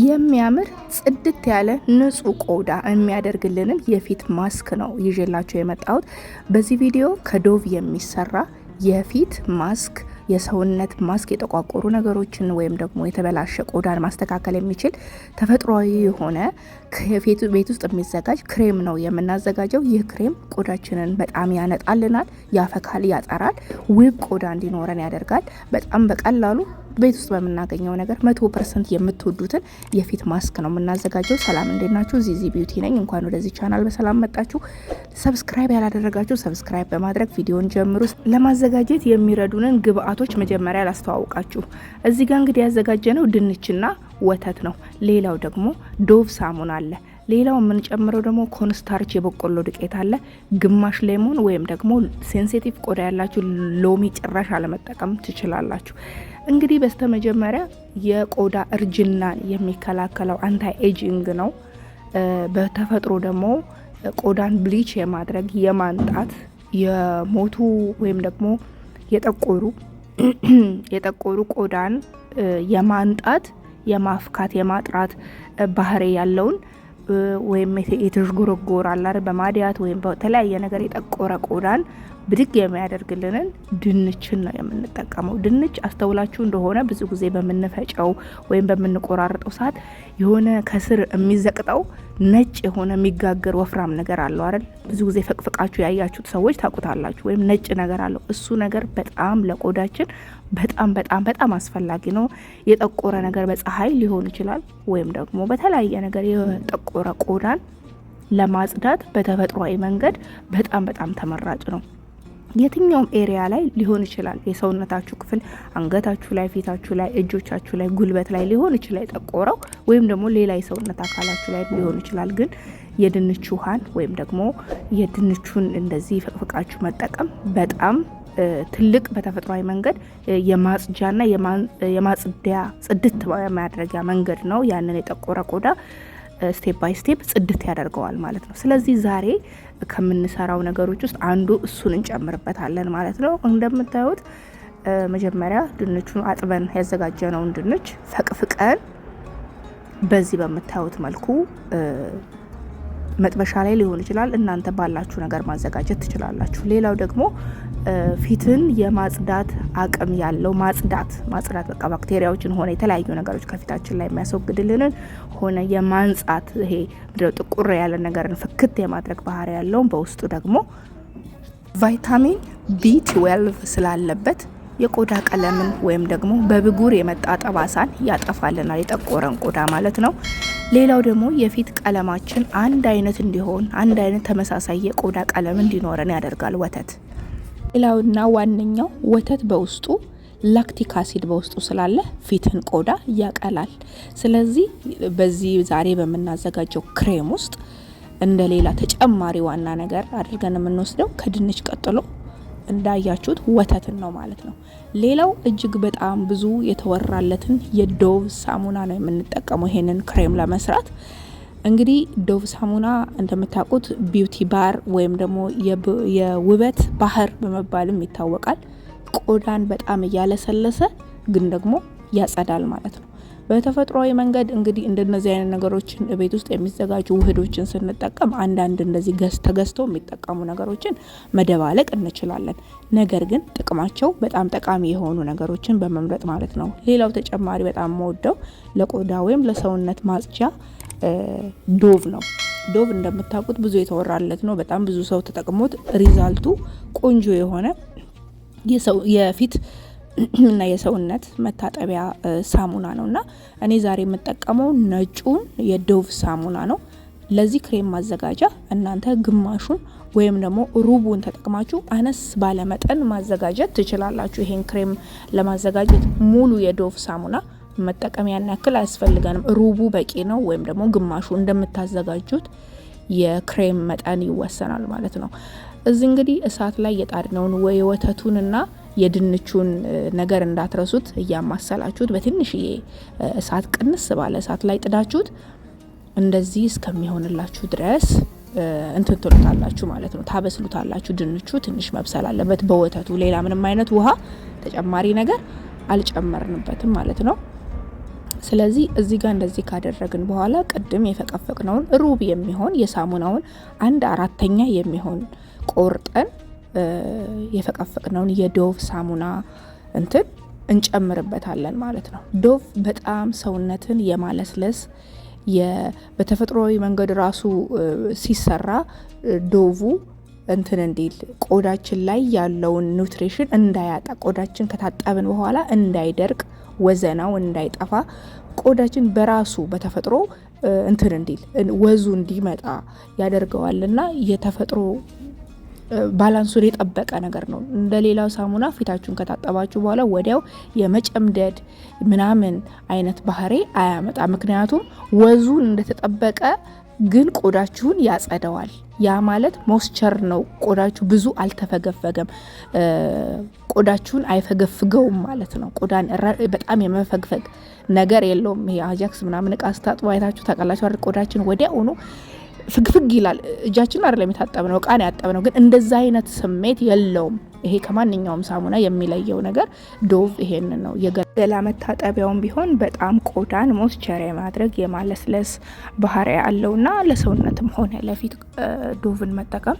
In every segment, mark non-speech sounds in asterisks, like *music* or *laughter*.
የሚያምር ጽድት ያለ ንጹህ ቆዳ የሚያደርግልንን የፊት ማስክ ነው ይዤላቸው የመጣሁት። በዚህ ቪዲዮ ከዶቭ የሚሰራ የፊት ማስክ የሰውነት ማስክ የተቋቆሩ ነገሮችን ወይም ደግሞ የተበላሸ ቆዳን ማስተካከል የሚችል ተፈጥሯዊ የሆነ ከፊት ቤት ውስጥ የሚዘጋጅ ክሬም ነው የምናዘጋጀው። ይህ ክሬም ቆዳችንን በጣም ያነጣልናል፣ ያፈካል፣ ያጠራል፣ ውብ ቆዳ እንዲኖረን ያደርጋል። በጣም በቀላሉ ቤት ውስጥ በምናገኘው ነገር መቶ ፐርሰንት የምትወዱትን የፊት ማስክ ነው የምናዘጋጀው። ሰላም እንዴት ናችሁ? ዚዚ ቢዩቲ ነኝ። እንኳን ወደዚህ ቻናል በሰላም መጣችሁ። ሰብስክራይብ ያላደረጋችሁ ሰብስክራይብ በማድረግ ቪዲዮን ጀምሩ። ለማዘጋጀት የሚረዱንን ግብአቶች መጀመሪያ ላስተዋውቃችሁ። እዚህ ጋር እንግዲህ ያዘጋጀነው ድንችና ወተት ነው። ሌላው ደግሞ ዶቭ ሳሙና አለ። ሌላው የምንጨምረው ደግሞ ኮንስታርች የበቆሎ ዱቄት አለ። ግማሽ ሌሞን ወይም ደግሞ ሴንሲቲቭ ቆዳ ያላችሁ ሎሚ ጭራሽ አለመጠቀም ትችላላችሁ። እንግዲህ በስተመጀመሪያ የቆዳ እርጅናን የሚከላከለው አንታይ ኤጂንግ ነው። በተፈጥሮ ደግሞ ቆዳን ብሊች የማድረግ የማንጣት የሞቱ ወይም ደግሞ የጠቆሩ *clears throat* የጠቆሩ ቆዳን የማንጣት የማፍካት የማጥራት ባህሪ ያለውን ወይም የተዥጎረጎረ አላር በማዲያት ወይም በተለያየ ነገር የጠቆረ ቆዳን ብድግ የሚያደርግልንን ድንችን ነው የምንጠቀመው። ድንች አስተውላችሁ እንደሆነ ብዙ ጊዜ በምንፈጨው ወይም በምንቆራርጠው ሰዓት የሆነ ከስር የሚዘቅጠው ነጭ የሆነ የሚጋገር ወፍራም ነገር አለው አይደል? ብዙ ጊዜ ፈቅፍቃችሁ ያያችሁት ሰዎች ታውቁታላችሁ። ወይም ነጭ ነገር አለው። እሱ ነገር በጣም ለቆዳችን በጣም በጣም በጣም አስፈላጊ ነው። የጠቆረ ነገር በፀሐይ ሊሆን ይችላል፣ ወይም ደግሞ በተለያየ ነገር የጠቆረ ቆዳን ለማጽዳት በተፈጥሯዊ መንገድ በጣም በጣም ተመራጭ ነው። የትኛውም ኤሪያ ላይ ሊሆን ይችላል። የሰውነታችሁ ክፍል አንገታችሁ ላይ፣ ፊታችሁ ላይ፣ እጆቻችሁ ላይ፣ ጉልበት ላይ ሊሆን ይችላል የጠቆረው ወይም ደግሞ ሌላ የሰውነት አካላችሁ ላይ ሊሆን ይችላል። ግን የድንች ውሃን ወይም ደግሞ የድንቹን እንደዚህ ፈቅፍቃችሁ መጠቀም በጣም ትልቅ በተፈጥሯዊ መንገድ የማጽጃና የማጽዳያ ጽድት ማድረጊያ መንገድ ነው። ያንን የጠቆረ ቆዳ ስቴፕ ባይ ስቴፕ ጽድት ያደርገዋል ማለት ነው። ስለዚህ ዛሬ ከምንሰራው ነገሮች ውስጥ አንዱ እሱን እንጨምርበታለን ማለት ነው። እንደምታዩት መጀመሪያ ድንቹን አጥበን ያዘጋጀነውን ድንች ፈቅፍቀን በዚህ በምታዩት መልኩ መጥበሻ ላይ ሊሆን ይችላል። እናንተ ባላችሁ ነገር ማዘጋጀት ትችላላችሁ። ሌላው ደግሞ ፊትን የማጽዳት አቅም ያለው ማጽዳት ማጽዳት በቃ ባክቴሪያዎችን ሆነ የተለያዩ ነገሮች ከፊታችን ላይ የሚያስወግድልንን ሆነ የማንጻት ይሄ ምድው ጥቁር ያለ ነገርን ፍክት የማድረግ ባህሪ ያለውን በውስጡ ደግሞ ቫይታሚን ቢ12 ስላለበት የቆዳ ቀለምን ወይም ደግሞ በብጉር የመጣ ጠባሳን ያጠፋልናል፣ የጠቆረን ቆዳ ማለት ነው። ሌላው ደግሞ የፊት ቀለማችን አንድ አይነት እንዲሆን አንድ አይነት ተመሳሳይ የቆዳ ቀለም እንዲኖረን ያደርጋል ወተት። ሌላውና ዋነኛው ወተት በውስጡ ላክቲክ አሲድ በውስጡ ስላለ ፊትን ቆዳ ያቀላል። ስለዚህ በዚህ ዛሬ በምናዘጋጀው ክሬም ውስጥ እንደ ሌላ ተጨማሪ ዋና ነገር አድርገን የምንወስደው ከድንች ቀጥሎ እንዳያችሁት ወተትን ነው ማለት ነው። ሌላው እጅግ በጣም ብዙ የተወራለትን የዶቭ ሳሙና ነው የምንጠቀመው ይሄንን ክሬም ለመስራት። እንግዲህ ዶቭ ሳሙና እንደምታውቁት ቢውቲ ባር ወይም ደግሞ የውበት ባህር በመባልም ይታወቃል። ቆዳን በጣም እያለሰለሰ ግን ደግሞ ያጸዳል ማለት ነው። በተፈጥሯዊ መንገድ እንግዲህ እንደነዚህ አይነት ነገሮችን ቤት ውስጥ የሚዘጋጁ ውህዶችን ስንጠቀም አንዳንድ እንደዚህ ገዝ ተገዝተው የሚጠቀሙ ነገሮችን መደባለቅ እንችላለን። ነገር ግን ጥቅማቸው በጣም ጠቃሚ የሆኑ ነገሮችን በመምረጥ ማለት ነው። ሌላው ተጨማሪ በጣም መወደው ለቆዳ ወይም ለሰውነት ማጽጃ ዶቭ ነው። ዶቭ እንደምታውቁት ብዙ የተወራለት ነው። በጣም ብዙ ሰው ተጠቅሞት ሪዛልቱ ቆንጆ የሆነ የፊት እና የሰውነት መታጠቢያ ሳሙና ነው እና እኔ ዛሬ የምጠቀመው ነጩን የዶቭ ሳሙና ነው። ለዚህ ክሬም ማዘጋጃ እናንተ ግማሹን ወይም ደግሞ ሩቡን ተጠቅማችሁ አነስ ባለ መጠን ማዘጋጀት ትችላላችሁ። ይሄን ክሬም ለማዘጋጀት ሙሉ የዶቭ ሳሙና መጠቀም ያን ያክል አያስፈልገንም። ሩቡ በቂ ነው፣ ወይም ደግሞ ግማሹ እንደምታዘጋጁት የክሬም መጠን ይወሰናል ማለት ነው። እዚህ እንግዲህ እሳት ላይ የጣድነውን ወይ ወተቱንና የድንቹን ነገር እንዳትረሱት እያማሰላችሁት በትንሽዬ እሳት ቅንስ ባለ እሳት ላይ ጥዳችሁት እንደዚህ እስከሚሆንላችሁ ድረስ እንትን ትሉታላችሁ ማለት ነው። ታበስሉታላችሁ። ድንቹ ትንሽ መብሰል አለበት በወተቱ። ሌላ ምንም አይነት ውሃ ተጨማሪ ነገር አልጨመርንበትም ማለት ነው። ስለዚህ እዚህ ጋር እንደዚህ ካደረግን በኋላ ቅድም የፈቀፈቅነውን ሩብ የሚሆን የሳሙናውን አንድ አራተኛ የሚሆን ቆርጠን የፈቀፈቅነውን የዶቭ ሳሙና እንትን እንጨምርበታለን ማለት ነው። ዶቭ በጣም ሰውነትን የማለስለስ በተፈጥሮዊ መንገድ ራሱ ሲሰራ ዶቡ እንትን እንዲል ቆዳችን ላይ ያለውን ኒውትሪሽን እንዳያጣ ቆዳችን ከታጠብን በኋላ እንዳይደርቅ ወዘናው እንዳይጠፋ ቆዳችን በራሱ በተፈጥሮ እንትን እንዲል ወዙ እንዲመጣ ያደርገዋልና የተፈጥሮ ባላንሱን የጠበቀ ነገር ነው። እንደ ሌላው ሳሙና ፊታችሁን ከታጠባችሁ በኋላ ወዲያው የመጨምደድ ምናምን አይነት ባህሪ አያመጣ። ምክንያቱም ወዙን እንደተጠበቀ ግን ቆዳችሁን ያጸደዋል። ያ ማለት ሞስቸር ነው። ቆዳችሁ ብዙ አልተፈገፈገም፣ ቆዳችሁን አይፈገፍገውም ማለት ነው። ቆዳን በጣም የመፈግፈግ ነገር የለውም። ይሄ አጃክስ ምናምን እቃ ስታጥቡ አይታችሁ ታውቃላችሁ። ቆዳችን ወዲያውኑ ፍግፍግ ይላል። እጃችን አይደለም የታጠብነው እቃን ያጠብነው፣ ግን እንደዛ አይነት ስሜት የለውም። ይሄ ከማንኛውም ሳሙና የሚለየው ነገር ዶቭ ይሄን ነው። የገላ መታጠቢያውም ቢሆን በጣም ቆዳን ሞስቸር የማድረግ የማለስለስ ባህሪ እና ለሰውነትም ሆነ ለፊት ዶቭን መጠቀም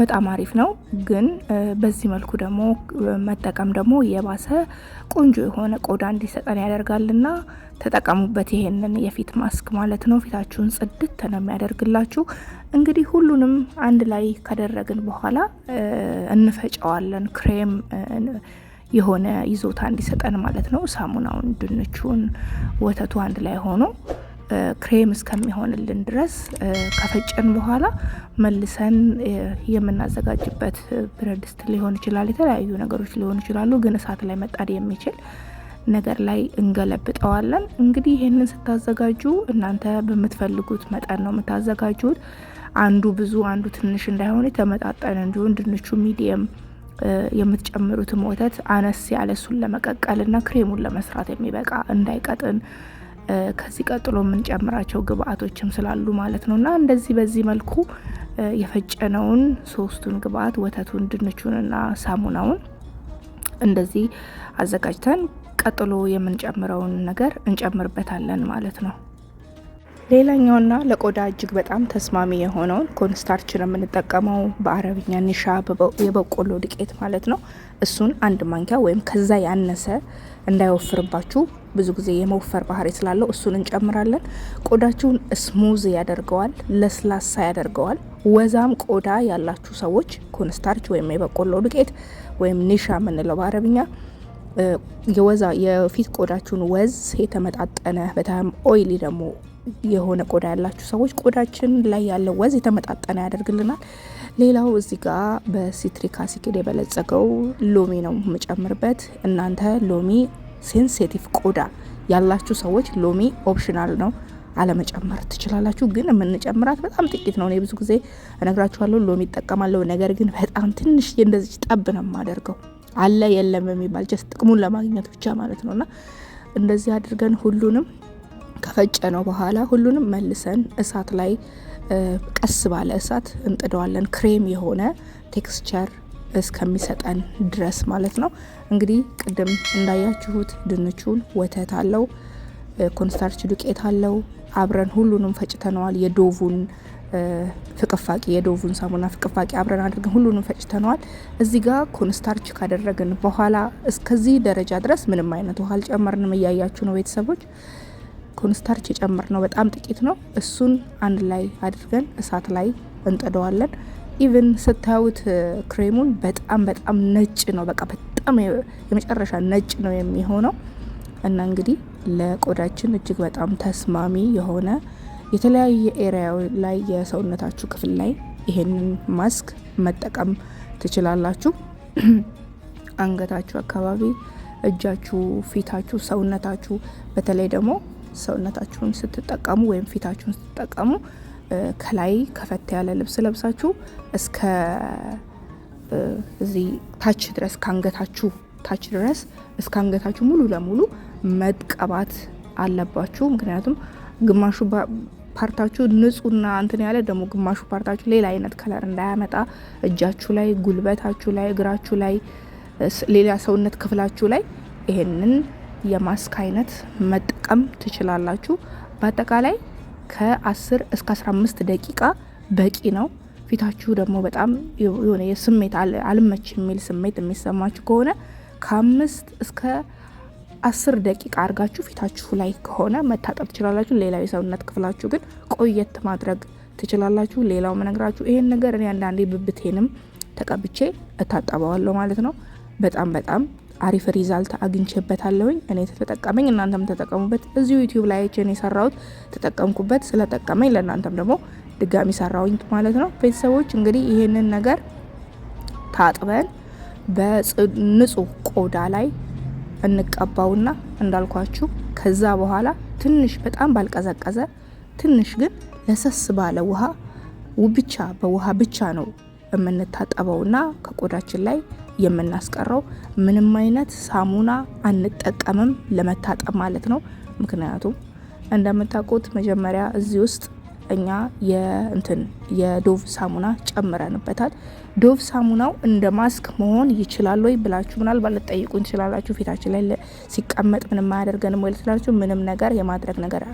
በጣም አሪፍ ነው። ግን በዚህ መልኩ ደግሞ መጠቀም ደግሞ የባሰ ቆንጆ የሆነ ቆዳ እንዲሰጠን ያደርጋልና ተጠቀሙበት። ይሄንን የፊት ማስክ ማለት ነው። ፊታችሁን ጽድት ነው የሚያደርግላችሁ። እንግዲህ ሁሉንም አንድ ላይ ከደረግን በኋላ እንፈጨዋለን የሚሆነን ክሬም የሆነ ይዞታ እንዲሰጠን ማለት ነው። ሳሙናውን፣ ድንቹን፣ ወተቱ አንድ ላይ ሆኖ ክሬም እስከሚሆንልን ድረስ ከፈጨን በኋላ መልሰን የምናዘጋጅበት ብረት ድስት ሊሆን ይችላል። የተለያዩ ነገሮች ሊሆኑ ይችላሉ። ግን እሳት ላይ መጣድ የሚችል ነገር ላይ እንገለብጠዋለን። እንግዲህ ይህንን ስታዘጋጁ እናንተ በምትፈልጉት መጠን ነው የምታዘጋጁት። አንዱ ብዙ አንዱ ትንሽ እንዳይሆን የተመጣጠነ እንዲሆን ድንቹ ሚዲየም የምትጨምሩትም ወተት አነስ ያለ እሱን እና ክሬሙን ለመስራት የሚበቃ እንዳይቀጥን ከዚህ ቀጥሎ የምንጨምራቸው ግብአቶችም ስላሉ ማለት ነው። እና እንደዚህ በዚህ መልኩ የፈጨነውን ሶስቱን ግብአት ወተቱን፣ ድንቹንና ሳሙናውን እንደዚህ አዘጋጅተን ቀጥሎ የምንጨምረውን ነገር እንጨምርበታለን ማለት ነው። ሌላኛውና ለቆዳ እጅግ በጣም ተስማሚ የሆነውን ኮንስታርችን የምንጠቀመው በአረብኛ ኒሻ የበቆሎ ዱቄት ማለት ነው። እሱን አንድ ማንኪያ ወይም ከዛ ያነሰ እንዳይወፍርባችሁ ብዙ ጊዜ የመወፈር ባህሪ ስላለው እሱን እንጨምራለን። ቆዳችሁን ስሙዝ ያደርገዋል፣ ለስላሳ ያደርገዋል። ወዛም ቆዳ ያላችሁ ሰዎች ኮንስታርች ወይም የበቆሎ ዱቄት ወይም ኒሻ የምንለው በአረብኛ የወዛ የፊት ቆዳችሁን ወዝ የተመጣጠነ በጣም ኦይሊ ደግሞ የሆነ ቆዳ ያላችሁ ሰዎች ቆዳችን ላይ ያለው ወዝ የተመጣጠነ ያደርግልናል። ሌላው እዚህ ጋር በሲትሪክ አሲድ የበለጸገው ሎሚ ነው የምጨምርበት። እናንተ ሎሚ ሴንሴቲቭ ቆዳ ያላችሁ ሰዎች ሎሚ ኦፕሽናል ነው አለመጨመር ትችላላችሁ። ግን የምንጨምራት በጣም ጥቂት ነው። እኔ ብዙ ጊዜ እነግራችኋለሁ ሎሚ ይጠቀማለሁ። ነገር ግን በጣም ትንሽ እንደዚች ጠብ ነው የማደርገው። አለ የለም የሚባል ጀስት ጥቅሙን ለማግኘት ብቻ ማለት እና እንደዚህ አድርገን ሁሉንም ከፈጨ ነው በኋላ ሁሉንም መልሰን እሳት ላይ ቀስ ባለ እሳት እንጥደዋለን። ክሬም የሆነ ቴክስቸር እስከሚሰጠን ድረስ ማለት ነው። እንግዲህ ቅድም እንዳያችሁት ድንቹን ወተት አለው፣ ኮንስታርች ዱቄት አለው። አብረን ሁሉንም ፈጭተነዋል። የዶቭን ፍቅፋቂ የዶቭን ሳሙና ፍቅፋቂ አብረን አድርገን ሁሉንም ፈጭተነዋል። እዚህ ጋር ኮንስታርች ካደረግን በኋላ እስከዚህ ደረጃ ድረስ ምንም አይነት ውሃ አልጨመርንም። እያያችሁ ነው ቤተሰቦች ኮንስታርች የጨምር ነው በጣም ጥቂት ነው። እሱን አንድ ላይ አድርገን እሳት ላይ እንጥደዋለን። ኢቭን ስታዩት ክሬሙን በጣም በጣም ነጭ ነው፣ በቃ በጣም የመጨረሻ ነጭ ነው የሚሆነው እና እንግዲህ ለቆዳችን እጅግ በጣም ተስማሚ የሆነ የተለያየ ኤሪያ ላይ የሰውነታችሁ ክፍል ላይ ይሄንን ማስክ መጠቀም ትችላላችሁ። *clears throat* አንገታችሁ አካባቢ፣ እጃችሁ፣ ፊታችሁ፣ ሰውነታችሁ በተለይ ደግሞ ሰውነታችሁን ስትጠቀሙ ወይም ፊታችሁን ስትጠቀሙ ከላይ ከፈት ያለ ልብስ ለብሳችሁ እስከ እዚህ ታች ድረስ ከአንገታችሁ ታች ድረስ እስከ አንገታችሁ ሙሉ ለሙሉ መቀባት አለባችሁ። ምክንያቱም ግማሹ ፓርታችሁ ንጹህና እንትን ያለ ደግሞ ግማሹ ፓርታችሁ ሌላ አይነት ከለር እንዳያመጣ እጃችሁ ላይ፣ ጉልበታችሁ ላይ፣ እግራችሁ ላይ፣ ሌላ ሰውነት ክፍላችሁ ላይ ይሄንን የማስክ አይነት መጠቀም ትችላላችሁ። በአጠቃላይ ከ10 እስከ 15 ደቂቃ በቂ ነው። ፊታችሁ ደግሞ በጣም የሆነ የስሜት አልመች የሚል ስሜት የሚሰማችሁ ከሆነ ከአምስት እስከ አስር ደቂቃ አድርጋችሁ ፊታችሁ ላይ ከሆነ መታጠብ ትችላላችሁ። ሌላው የሰውነት ክፍላችሁ ግን ቆየት ማድረግ ትችላላችሁ። ሌላው መነግራችሁ ይሄን ነገር እኔ አንዳንዴ ብብቴንም ተቀብቼ እታጠበዋለሁ ማለት ነው። በጣም በጣም አሪፍ ሪዛልት አግኝቼበታለሁኝ። እኔ ተጠቀመኝ፣ እናንተም ተጠቀሙበት። እዚሁ ዩቲዩብ ላይ አይቼን የሰራሁት ተጠቀምኩበት፣ ስለጠቀመኝ ለእናንተም ደግሞ ድጋሚ ሰራውኝ ማለት ነው። ቤተሰቦች እንግዲህ ይህንን ነገር ታጥበን በንጹህ ቆዳ ላይ እንቀባውና እንዳልኳችሁ ከዛ በኋላ ትንሽ በጣም ባልቀዘቀዘ ትንሽ ግን ለሰስ ባለ ውሃ ብቻ በውሃ ብቻ ነው የምንታጠበውና ከቆዳችን ላይ የምናስቀረው። ምንም አይነት ሳሙና አንጠቀምም ለመታጠብ ማለት ነው። ምክንያቱም እንደምታውቁት መጀመሪያ እዚህ ውስጥ እኛ የእንትን የዶቭ ሳሙና ጨምረንበታል። ዶቭ ሳሙናው እንደ ማስክ መሆን ይችላል ወይ ብላችሁ ምናልባት ልጠይቁኝ ትችላላችሁ። ፊታችን ላይ ሲቀመጥ ምንም አያደርገንም ወይ ልትላችሁ፣ ምንም ነገር የማድረግ ነገር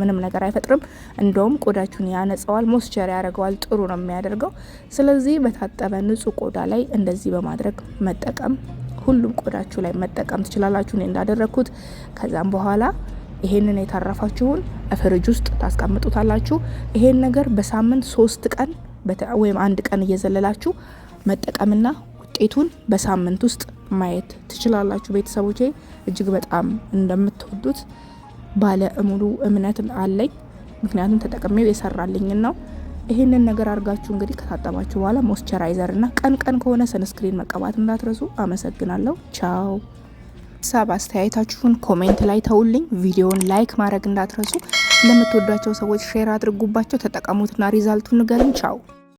ምንም ነገር አይፈጥርም። እንደውም ቆዳችሁን ያነጸዋል፣ ሞስቸር ያደርገዋል፣ ጥሩ ነው የሚያደርገው። ስለዚህ በታጠበ ንጹህ ቆዳ ላይ እንደዚህ በማድረግ መጠቀም ሁሉም ቆዳችሁ ላይ መጠቀም ትችላላችሁ። እኔ እንዳደረግኩት ከዛም በኋላ ይሄንን የታረፋችሁን ፍሪጅ ውስጥ ታስቀምጡታላችሁ። ይሄን ነገር በሳምንት ሶስት ቀን ወይም አንድ ቀን እየዘለላችሁ መጠቀምና ውጤቱን በሳምንት ውስጥ ማየት ትችላላችሁ። ቤተሰቦቼ እጅግ በጣም እንደምትወዱት ባለ ሙሉ እምነት አለኝ። ምክንያቱም ተጠቅሜው የሰራልኝን ነው። ይህንን ነገር አድርጋችሁ እንግዲህ ከታጠባችሁ በኋላ ሞስቸራይዘር እና ቀን ቀን ከሆነ ሰንስክሪን መቀባት እንዳትረሱ። አመሰግናለሁ። ቻው ሀሳብ አስተያየታችሁን ኮሜንት ላይ ተውልኝ። ቪዲዮን ላይክ ማድረግ እንዳትረሱ። ለምትወዷቸው ሰዎች ሼር አድርጉባቸው፣ ተጠቀሙትና ሪዛልቱን ንገሩኝ። ቻው